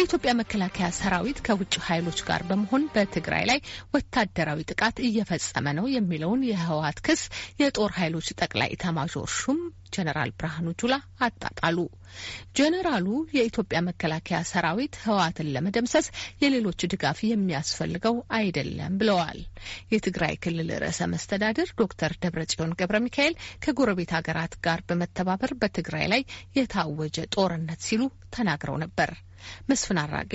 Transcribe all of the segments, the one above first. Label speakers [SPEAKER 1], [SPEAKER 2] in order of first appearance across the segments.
[SPEAKER 1] የኢትዮጵያ መከላከያ ሰራዊት ከውጭ ኃይሎች ጋር በመሆን በትግራይ ላይ ወታደራዊ ጥቃት እየፈጸመ ነው የሚለውን የህወሀት ክስ የጦር ኃይሎች ጠቅላይ ኢታማዦር ሹም ጀነራል ብርሃኑ ጁላ አጣጣሉ። ጀነራሉ የኢትዮጵያ መከላከያ ሰራዊት ህወሀትን ለመደምሰስ የሌሎች ድጋፍ የሚያስፈልገው አይደለም ብለዋል። የትግራይ ክልል ርዕሰ መስተዳድር ዶክተር ደብረጽዮን ገብረ ሚካኤል ከጎረቤት ሀገራት ጋር በመተባበር በትግራይ ላይ የታወጀ ጦርነት ሲሉ ተናግረው ነበር። መስፍን አራጌ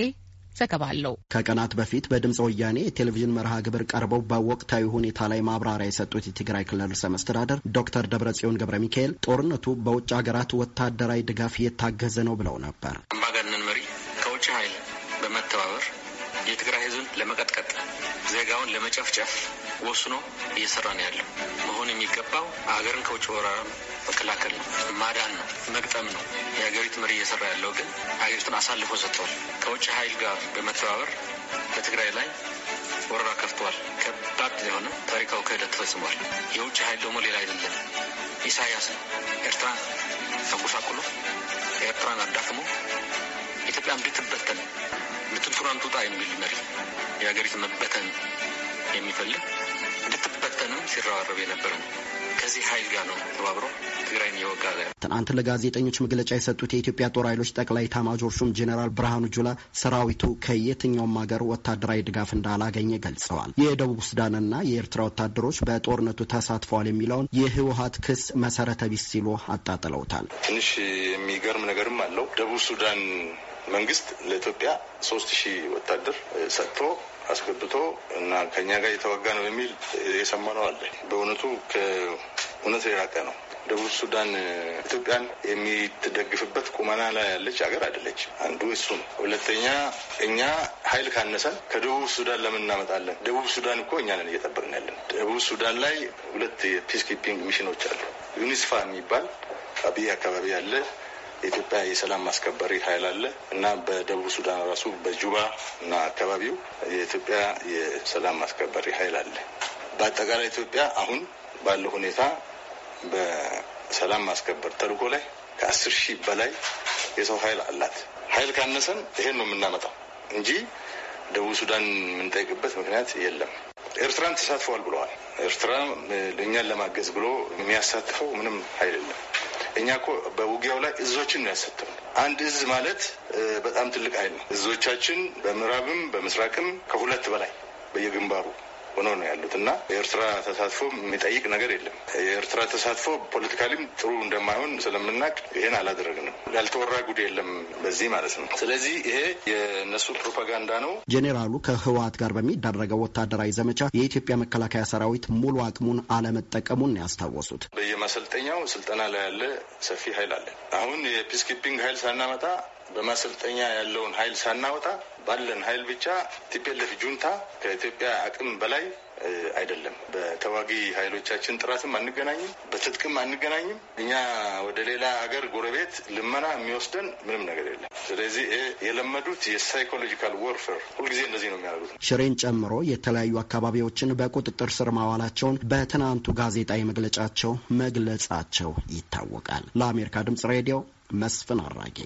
[SPEAKER 1] ዘገባ አለው።
[SPEAKER 2] ከቀናት በፊት በድምፅ ወያኔ የቴሌቪዥን መርሃ ግብር ቀርበው በወቅታዊ ሁኔታ ላይ ማብራሪያ የሰጡት የትግራይ ክልል ርዕሰ መስተዳደር ዶክተር ደብረጽዮን ገብረ ሚካኤል ጦርነቱ በውጭ ሀገራት ወታደራዊ ድጋፍ እየታገዘ ነው ብለው ነበር። አምባገነን
[SPEAKER 3] መሪ ከውጭ ኃይል በመተባበር የትግራይ ህዝብን ለመቀጥቀጥ ዜጋውን ለመጨፍጨፍ ወስኖ እየሰራ ነው ያለው። መሆን የሚገባው አገርን ከውጭ ወረራ መከላከል ነው፣ ማዳን ነው፣ መግጠም ነው። የሀገሪቱ መሪ እየሰራ ያለው ግን ሀገሪቱን አሳልፎ ሰጥቷል። ከውጭ ኃይል ጋር በመተባበር በትግራይ ላይ ወረራ ከፍተዋል። ከባድ የሆነ ታሪካዊ ክህደት ተፈጽሟል። የውጭ ኃይል ደግሞ ሌላ አይደለም፣ ኢሳያስ ነው። ኤርትራ ተጎሳቁሎ ኤርትራን አዳክሞ ኢትዮጵያ እንድትበተን ልትንቱራን ትውጣ የሚል መሪ የሀገሪቱ መበተን የሚፈልግ እንድትበተንም ሲረባረብ የነበረ ነው። ከዚህ ኃይል ጋር ነው ተባብሮ ትግራይን እየወጋ ትናንት
[SPEAKER 2] ለጋዜጠኞች መግለጫ የሰጡት የኢትዮጵያ ጦር ኃይሎች ጠቅላይ ኤታማዦር ሹም ጄኔራል ብርሃኑ ጁላ ሰራዊቱ ከየትኛውም ሀገር ወታደራዊ ድጋፍ እንዳላገኘ ገልጸዋል። የደቡብ ሱዳንና የኤርትራ ወታደሮች በጦርነቱ ተሳትፈዋል የሚለውን የህወሀት ክስ መሰረተ ቢስ ሲሉ አጣጥለውታል።
[SPEAKER 4] ትንሽ የሚገርም ነገርም አለው። ደቡብ ሱዳን መንግስት ለኢትዮጵያ ሶስት ሺህ ወታደር ሰጥቶ አስገብቶ እና ከኛ ጋር የተዋጋ ነው የሚል የሰማነው አለ። በእውነቱ ከእውነት የራቀ ነው። ደቡብ ሱዳን ኢትዮጵያን የሚትደግፍበት ቁመና ላይ ያለች ሀገር አይደለች። አንዱ እሱ ነው። ሁለተኛ እኛ ኃይል ካነሰን ከደቡብ ሱዳን ለምን እናመጣለን? ደቡብ ሱዳን እኮ እኛ ነን እየጠበቅን ያለን። ደቡብ ሱዳን ላይ ሁለት የፒስ ኪፒንግ ሚሽኖች አሉ። ዩኒስፋ የሚባል አብይ አካባቢ ያለ የኢትዮጵያ የሰላም ማስከበሪ ኃይል አለ እና በደቡብ ሱዳን ራሱ በጁባ እና አካባቢው የኢትዮጵያ የሰላም ማስከበሪ ኃይል አለ። በአጠቃላይ ኢትዮጵያ አሁን ባለው ሁኔታ በሰላም ማስከበር ተልእኮ ላይ ከአስር ሺህ በላይ የሰው ኃይል አላት። ኃይል ካነሰን ይሄን ነው የምናመጣው እንጂ ደቡብ ሱዳን የምንጠይቅበት ምክንያት የለም። ኤርትራን ተሳትፈዋል ብለዋል። ኤርትራ እኛን ለማገዝ ብሎ የሚያሳትፈው ምንም ኃይል የለም። እኛ ኮ በውጊያው ላይ እዞችን ነው ያሰጠው። አንድ እዝ ማለት በጣም ትልቅ ኃይል ነው። እዞቻችን በምዕራብም በምስራቅም ከሁለት በላይ በየግንባሩ ሆኖ ነው ያሉት እና የኤርትራ ተሳትፎ የሚጠይቅ ነገር የለም። የኤርትራ ተሳትፎ ፖለቲካሊም ጥሩ እንደማይሆን ስለምናቅ ይሄን አላደረግንም። ያልተወራ ጉድ የለም በዚህ
[SPEAKER 2] ማለት ነው። ስለዚህ ይሄ የነሱ ፕሮፓጋንዳ ነው። ጄኔራሉ ከህወሀት ጋር በሚደረገው ወታደራዊ ዘመቻ የኢትዮጵያ መከላከያ ሰራዊት ሙሉ አቅሙን አለመጠቀሙን ያስታወሱት
[SPEAKER 4] በየማሰልጠኛው ስልጠና ላይ ያለ ሰፊ ኃይል አለ። አሁን የፒስኪፒንግ ኃይል ሳናመጣ በማሰልጠኛ ያለውን ኃይል ሳናወጣ ባለን ኃይል ብቻ ቲፒኤልኤፍ ጁንታ ከኢትዮጵያ አቅም በላይ አይደለም። በተዋጊ ኃይሎቻችን ጥራትም አንገናኝም፣ በትጥቅም አንገናኝም። እኛ ወደ ሌላ ሀገር ጎረቤት ልመና የሚወስደን ምንም ነገር የለም። ስለዚህ የለመዱት የሳይኮሎጂካል ወርፌር ሁልጊዜ እንደዚህ ነው የሚያደርጉት።
[SPEAKER 2] ሽሬን ጨምሮ የተለያዩ አካባቢዎችን በቁጥጥር ስር ማዋላቸውን በትናንቱ ጋዜጣዊ መግለጫቸው መግለጻቸው ይታወቃል። ለአሜሪካ ድምጽ ሬዲዮ መስፍን አራጌ